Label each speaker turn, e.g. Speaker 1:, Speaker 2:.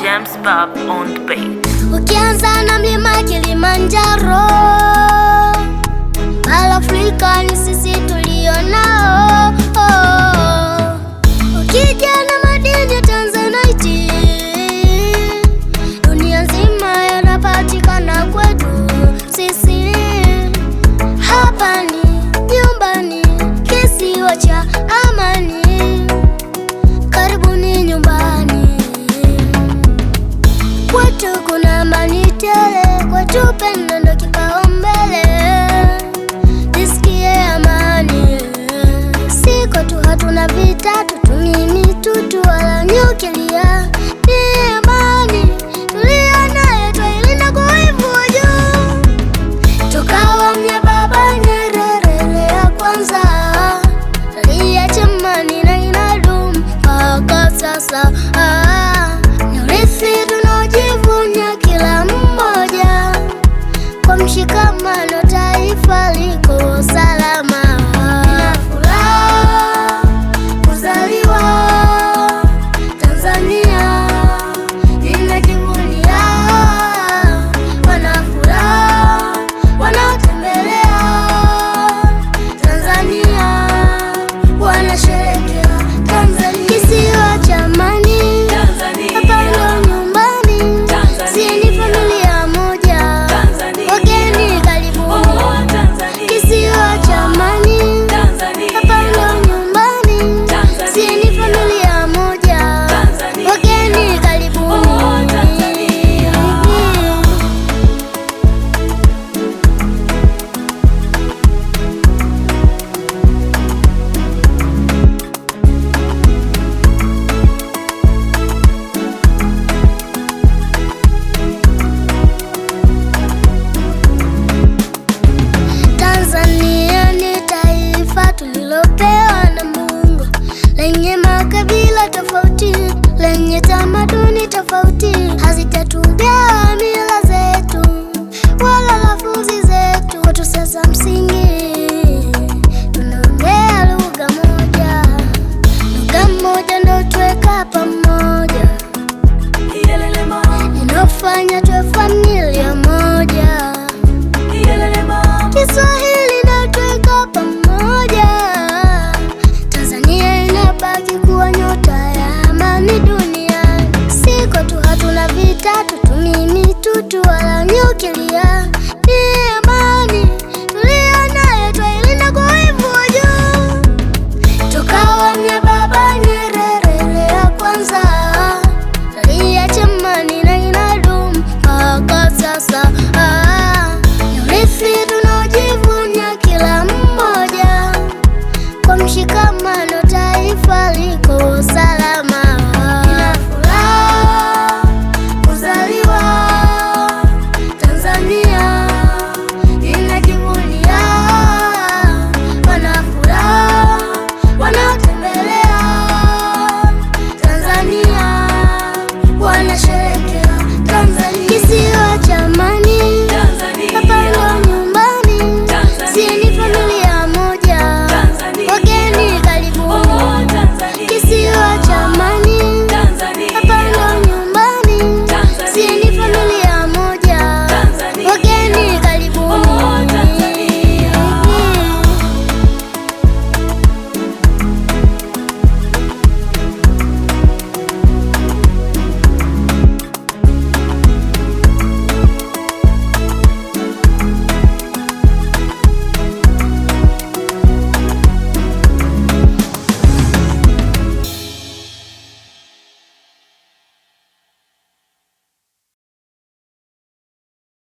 Speaker 1: James Bob on beat. Ukianza na mlima Kilimanjaro, Afrika ni sisi love